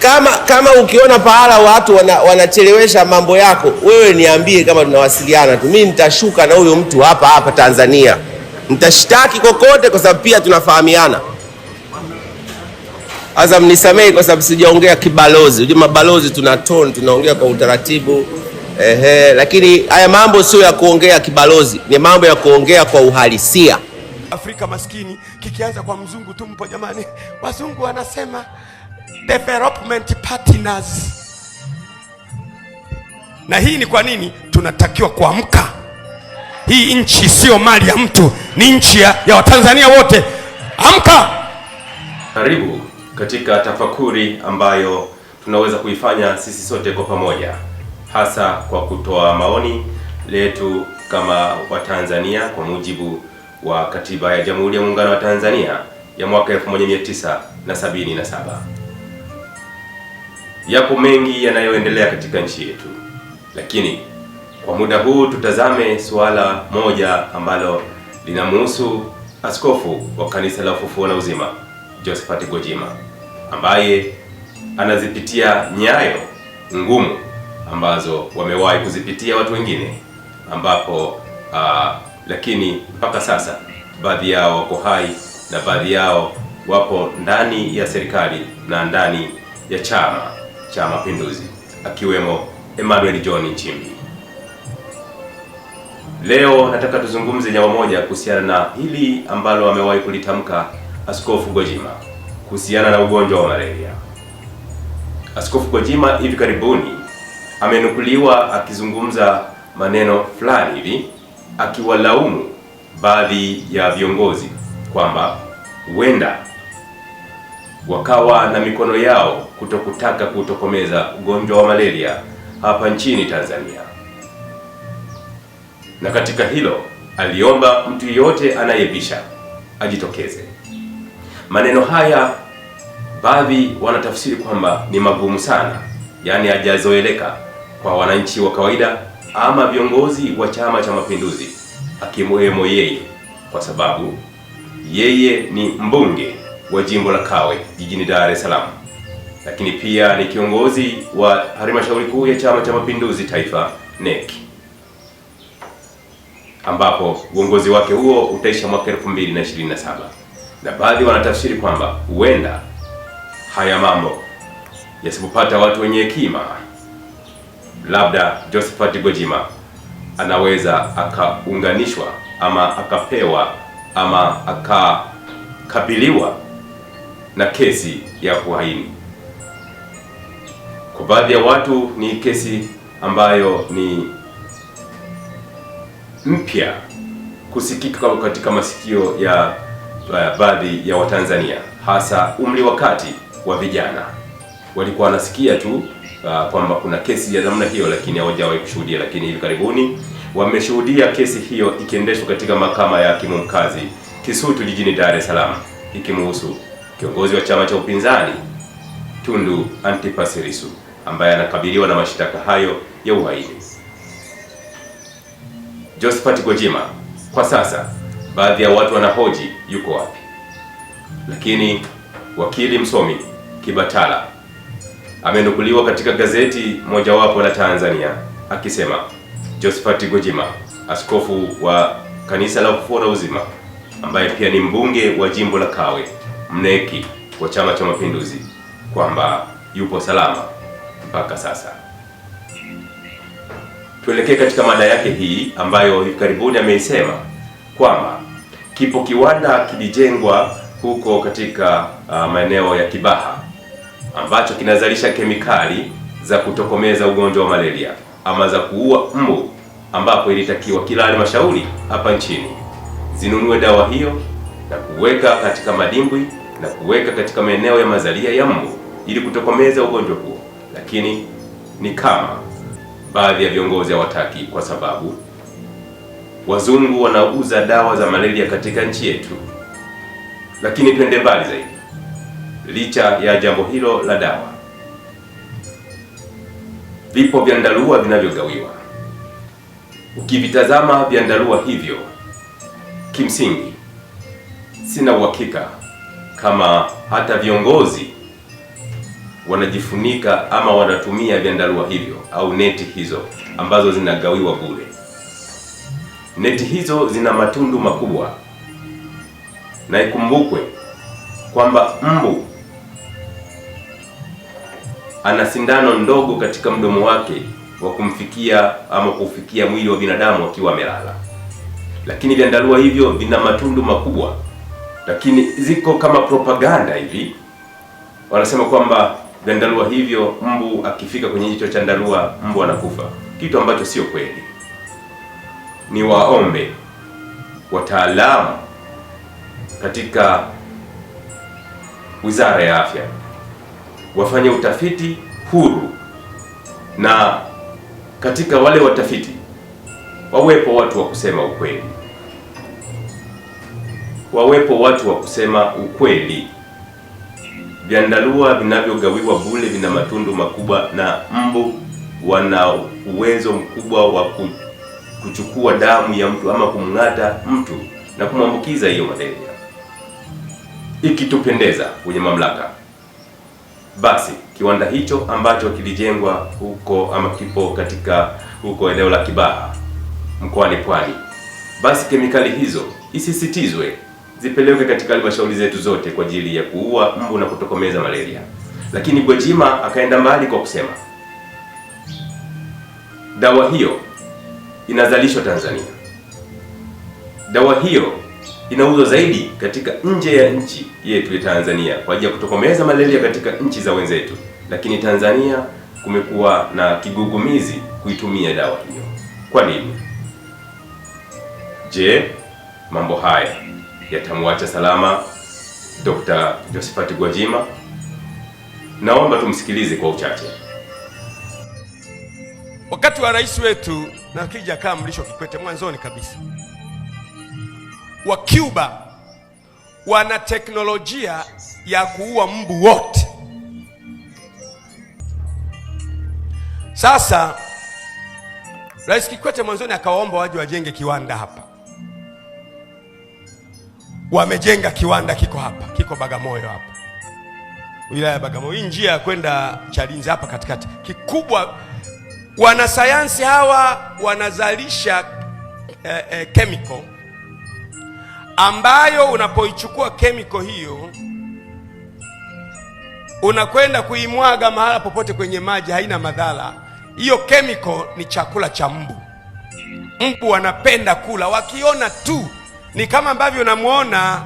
Kama kama ukiona pahala watu wana, wanachelewesha mambo yako, wewe niambie, kama tunawasiliana tu, mimi nitashuka na huyo mtu hapa hapa Tanzania, nitashtaki kokote, kwa sababu pia tunafahamiana. Azam, mnisamehe kwa sababu sijaongea kibalozi. Unajua mabalozi tuna tone, tunaongea kwa utaratibu ehe, lakini haya mambo sio ya kuongea kibalozi, ni mambo ya kuongea kwa uhalisia. Afrika maskini kikianza kwa mzungu tumpo, jamani, wazungu wanasema development partners. Na hii ni kwa nini tunatakiwa kuamka. Hii nchi sio mali ya mtu, ni nchi ya, ya Watanzania wote. Amka. Karibu katika tafakuri ambayo tunaweza kuifanya sisi sote kwa pamoja, hasa kwa kutoa maoni letu kama Watanzania kwa mujibu wa katiba ya Jamhuri ya Muungano wa Tanzania ya mwaka 1977. Yapo mengi yanayoendelea katika nchi yetu, lakini kwa muda huu tutazame suala moja ambalo linamhusu askofu wa kanisa la Ufufuo na Uzima Josephat Gwajima ambaye anazipitia nyayo ngumu ambazo wamewahi kuzipitia watu wengine, ambapo aa, ah, lakini mpaka sasa baadhi yao wako hai na baadhi yao wapo ndani ya serikali na ndani ya chama cha Mapinduzi akiwemo Emmanuel John Nchimbi. Leo nataka tuzungumze jambo moja kuhusiana na hili ambalo amewahi kulitamka Askofu Gwajima kuhusiana na ugonjwa wa malaria. Askofu Gwajima hivi karibuni amenukuliwa akizungumza maneno fulani hivi akiwalaumu baadhi ya viongozi kwamba huenda wakawa na mikono yao kutokutaka kutokomeza ugonjwa wa malaria hapa nchini Tanzania. Na katika hilo aliomba mtu yeyote anayebisha ajitokeze. Maneno haya baadhi wanatafsiri kwamba ni magumu sana, yaani hajazoeleka kwa wananchi wa kawaida ama viongozi wa Chama cha Mapinduzi, akimwemo yeye, kwa sababu yeye ni mbunge wa jimbo la Kawe jijini Dar es Salaam lakini pia ni kiongozi wa halmashauri kuu ya Chama cha Mapinduzi Taifa NEC, ambapo uongozi wake huo utaisha mwaka 2027 na baadhi wanatafsiri kwamba huenda haya mambo yasipopata watu wenye hekima, labda Josephat Gwajima anaweza akaunganishwa ama akapewa ama akakabiliwa na kesi ya uhaini. Kwa baadhi ya watu ni kesi ambayo ni mpya kusikika katika masikio ya baadhi ya Watanzania, hasa umri wa kati wa vijana. Walikuwa wanasikia tu uh, kwamba kuna kesi ya namna hiyo, lakini hawajawahi kushuhudia. Lakini hivi karibuni wameshuhudia kesi hiyo ikiendeshwa katika mahakama ya hakimu mkazi Kisutu jijini Dar es Salaam, ikimhusu kiongozi wa chama cha upinzani Tundu Antipas Lissu ambaye anakabiliwa na mashtaka hayo ya uhaini. Josephat Gwajima kwa sasa baadhi ya watu wanahoji yuko wapi, lakini wakili msomi Kibatala amenukuliwa katika gazeti mojawapo la Tanzania akisema Josephat Gwajima, askofu wa kanisa la Ufufuo na Uzima, ambaye pia ni mbunge wa jimbo la Kawe mneki wa Chama cha Mapinduzi, kwamba yupo salama mpaka sasa. Tuelekee katika mada yake hii ambayo hivi karibuni ameisema kwamba kipo kiwanda kilijengwa huko katika uh, maeneo ya Kibaha ambacho kinazalisha kemikali za kutokomeza ugonjwa wa malaria ama za kuua mbu, ambapo ilitakiwa kila halmashauri hapa nchini zinunue dawa hiyo na kuweka katika madimbwi na kuweka katika maeneo ya mazalia ya mbu ili kutokomeza ugonjwa huo lakini ni kama baadhi ya viongozi hawataki, kwa sababu wazungu wanauza dawa za malaria katika nchi yetu. Lakini twende mbali zaidi, licha ya jambo hilo la dawa, vipo vyandarua vinavyogawiwa. Ukivitazama vyandarua hivyo, kimsingi sina uhakika kama hata viongozi wanajifunika ama wanatumia vyandarua hivyo au neti hizo ambazo zinagawiwa bure. Neti hizo zina matundu makubwa, na ikumbukwe kwamba mbu ana sindano ndogo katika mdomo wake wa kumfikia ama kufikia mwili wa binadamu akiwa amelala, lakini vyandarua hivyo vina matundu makubwa, lakini ziko kama propaganda hivi, wanasema kwamba vyandarua hivyo, mbu akifika kwenye jicho cha ndarua mbu anakufa, kitu ambacho sio kweli. Ni waombe wataalamu katika Wizara ya Afya wafanye utafiti huru, na katika wale watafiti wawepo watu wa kusema ukweli, wawepo watu wa kusema ukweli. Vyandarua vinavyogawiwa bule vina matundu makubwa na mbu wana uwezo mkubwa wa kuchukua damu ya mtu ama kumng'ata mtu na kumwambukiza hiyo malaria. Ikitupendeza kwenye mamlaka, basi kiwanda hicho ambacho kilijengwa huko ama kipo katika huko eneo la Kibaha mkoani Pwani, basi kemikali hizo isisitizwe zipelekwe katika halmashauri zetu zote kwa ajili ya kuua mbu na kutokomeza malaria. Lakini Gwajima akaenda mbali kwa kusema dawa hiyo inazalishwa Tanzania, dawa hiyo inauzwa zaidi katika nje ya nchi yetu ya Tanzania kwa ajili ya kutokomeza malaria katika nchi za wenzetu, lakini Tanzania kumekuwa na kigugumizi kuitumia dawa hiyo. Kwa nini? Je, mambo haya yatamwacha salama Dr. Josephat Gwajima. Naomba tumsikilize kwa uchache. Wakati wa rais wetu na kija kama Mlisho Kikwete, mwanzoni kabisa wa Cuba wana teknolojia ya kuua mbu wote. Sasa Rais Kikwete mwanzoni akawaomba waje wajenge kiwanda hapa wamejenga kiwanda kiko hapa, kiko Bagamoyo hapa, wilaya ya Bagamoyo. Hii njia ya kwenda Chalinze hapa katikati, kikubwa wanasayansi hawa wanazalisha eh, eh, chemical ambayo unapoichukua chemical hiyo unakwenda kuimwaga mahala popote kwenye maji, haina madhara. Hiyo chemical ni chakula cha mbu. Mbu wanapenda kula, wakiona tu ni kama ambavyo unamwona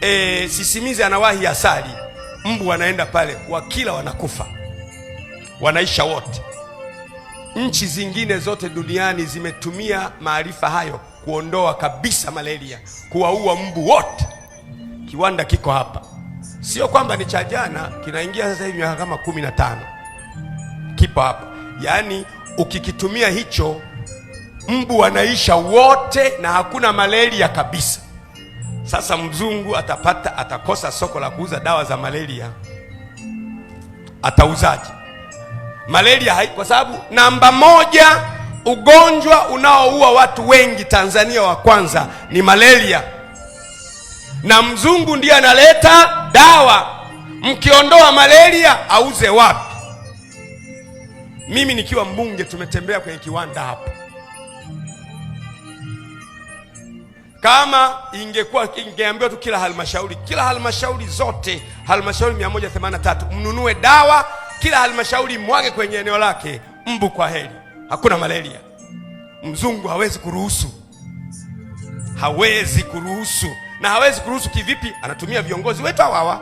e, sisimizi anawahi asali, mbu wanaenda pale wakila wanakufa, wanaisha wote. Nchi zingine zote duniani zimetumia maarifa hayo kuondoa kabisa malaria, kuwaua mbu wote. Kiwanda kiko hapa, sio kwamba ni cha jana, kinaingia sasa hivi miaka kama kumi na tano, kipo hapa. Yaani ukikitumia hicho mbu wanaisha wote na hakuna malaria kabisa. Sasa mzungu atapata, atakosa soko la kuuza dawa za malaria, atauzaje malaria? Hai, kwa sababu namba moja ugonjwa unaoua watu wengi Tanzania wa kwanza ni malaria, na mzungu ndiye analeta dawa. Mkiondoa malaria, auze wapi? Mimi nikiwa mbunge, tumetembea kwenye kiwanda hapa Kama ingekuwa ingeambiwa tu kila halmashauri kila halmashauri zote halmashauri 183 mnunue dawa, kila halmashauri mwage kwenye eneo lake mbu kwa heli hakuna malaria. Mzungu hawezi kuruhusu, hawezi kuruhusu. Na hawezi kuruhusu kivipi? Anatumia viongozi wetu hawa hawa,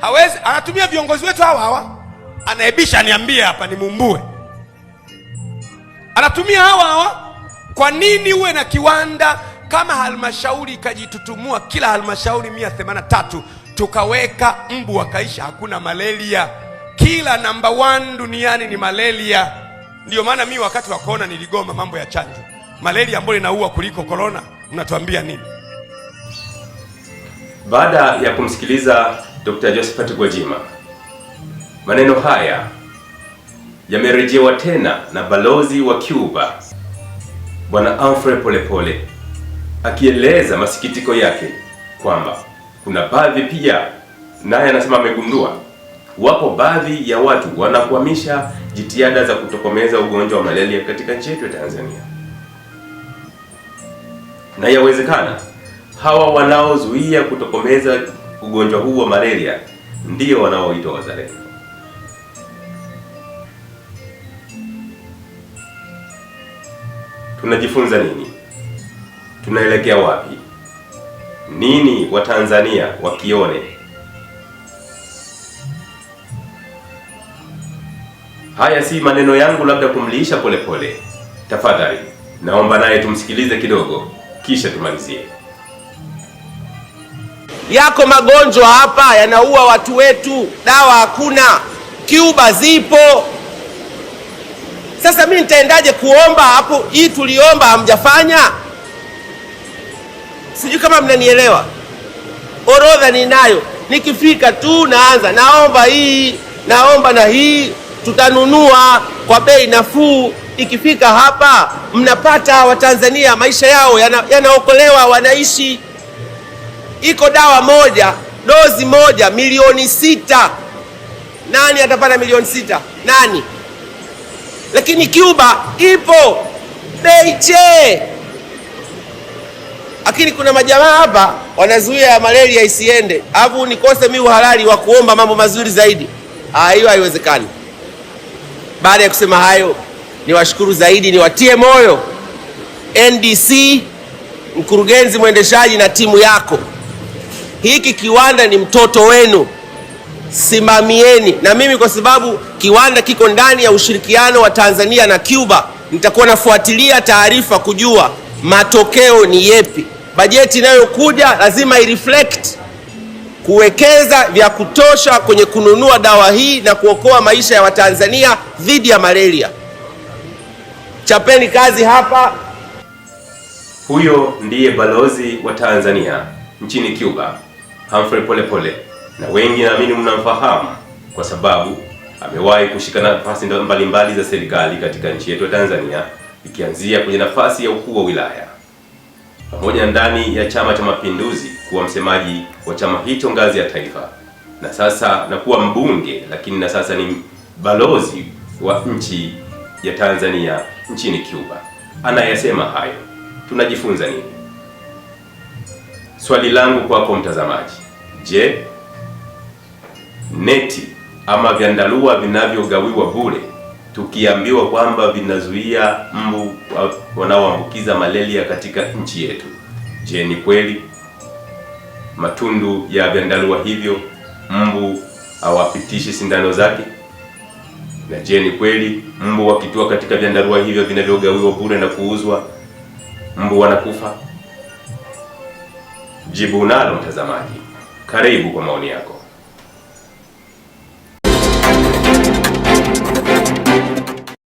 hawezi, anatumia viongozi wetu hawa hawa, anaebisha niambie hapa nimumbue, anatumia hawa hawa kwa nini uwe na kiwanda kama halmashauri ikajitutumua kila halmashauri 183 tukaweka mbu wakaisha, hakuna malaria? Kila namba one duniani ni malaria. Ndiyo maana mi wakati wa korona niligoma mambo ya chanjo, malaria ambayo inaua kuliko korona. Mnatuambia nini? Baada ya kumsikiliza Dr. Josephat Gwajima, maneno haya yamerejewa tena na balozi wa Cuba Bwana Humphrey Polepole akieleza masikitiko yake kwamba kuna baadhi pia, naye anasema amegundua wapo baadhi ya watu wanakwamisha jitihada za kutokomeza ugonjwa wa malaria katika nchi yetu ya Tanzania, na yawezekana hawa wanaozuia kutokomeza ugonjwa huu wa malaria ndio wanaoitwa wazalendo. tunajifunza nini? Tunaelekea wapi? Nini Watanzania wakione? Haya si maneno yangu, labda kumliisha Polepole. Tafadhali naomba naye tumsikilize kidogo, kisha tumalizie. Yako magonjwa hapa yanaua watu wetu, dawa hakuna, Cuba zipo sasa mimi nitaendaje kuomba hapo? Hii tuliomba hamjafanya, sijui kama mnanielewa. Orodha ninayo, nikifika tu naanza naomba hii, naomba na hii, tutanunua kwa bei nafuu. Ikifika hapa, mnapata Watanzania maisha yao yanaokolewa, yana wanaishi. Iko dawa moja, dozi moja, milioni sita. Nani atapata milioni sita? Nani? lakini Cuba ipo Daiche. Lakini kuna majamaa hapa wanazuia ya malaria isiende, alafu nikose mi uhalali wa kuomba mambo mazuri zaidi. Ah, hiyo haiwezekani. Baada ya kusema hayo, niwashukuru zaidi, niwatie moyo NDC, mkurugenzi mwendeshaji na timu yako. Hiki kiwanda ni mtoto wenu simamieni. Na mimi kwa sababu kiwanda kiko ndani ya ushirikiano wa Tanzania na Cuba, nitakuwa nafuatilia taarifa kujua matokeo ni yepi. Bajeti inayokuja lazima ireflect kuwekeza vya kutosha kwenye kununua dawa hii na kuokoa maisha ya Watanzania dhidi ya malaria. Chapeni kazi hapa. Huyo ndiye balozi wa Tanzania nchini Cuba, Humphrey Polepole na wengi naamini mnamfahamu kwa sababu amewahi kushika nafasi mbalimbali za serikali katika nchi yetu ya Tanzania, ikianzia kwenye nafasi ya ukuu wa wilaya pamoja ndani ya Chama cha Mapinduzi, kuwa msemaji wa chama hicho ngazi ya taifa, na sasa na kuwa mbunge, lakini na sasa ni balozi wa nchi ya Tanzania nchini Cuba. anayesema hayo, tunajifunza nini? Swali langu kwako mtazamaji, je, neti ama vyandarua vinavyogawiwa bure, tukiambiwa kwamba vinazuia mbu wanaoambukiza malaria katika nchi yetu. Je, ni kweli? Matundu ya vyandarua hivyo mbu hawapitishi sindano zake? Na je, ni kweli mbu wakitua katika vyandarua hivyo vinavyogawiwa bure na kuuzwa, mbu wanakufa? Jibu nalo mtazamaji. Karibu kwa maoni yako.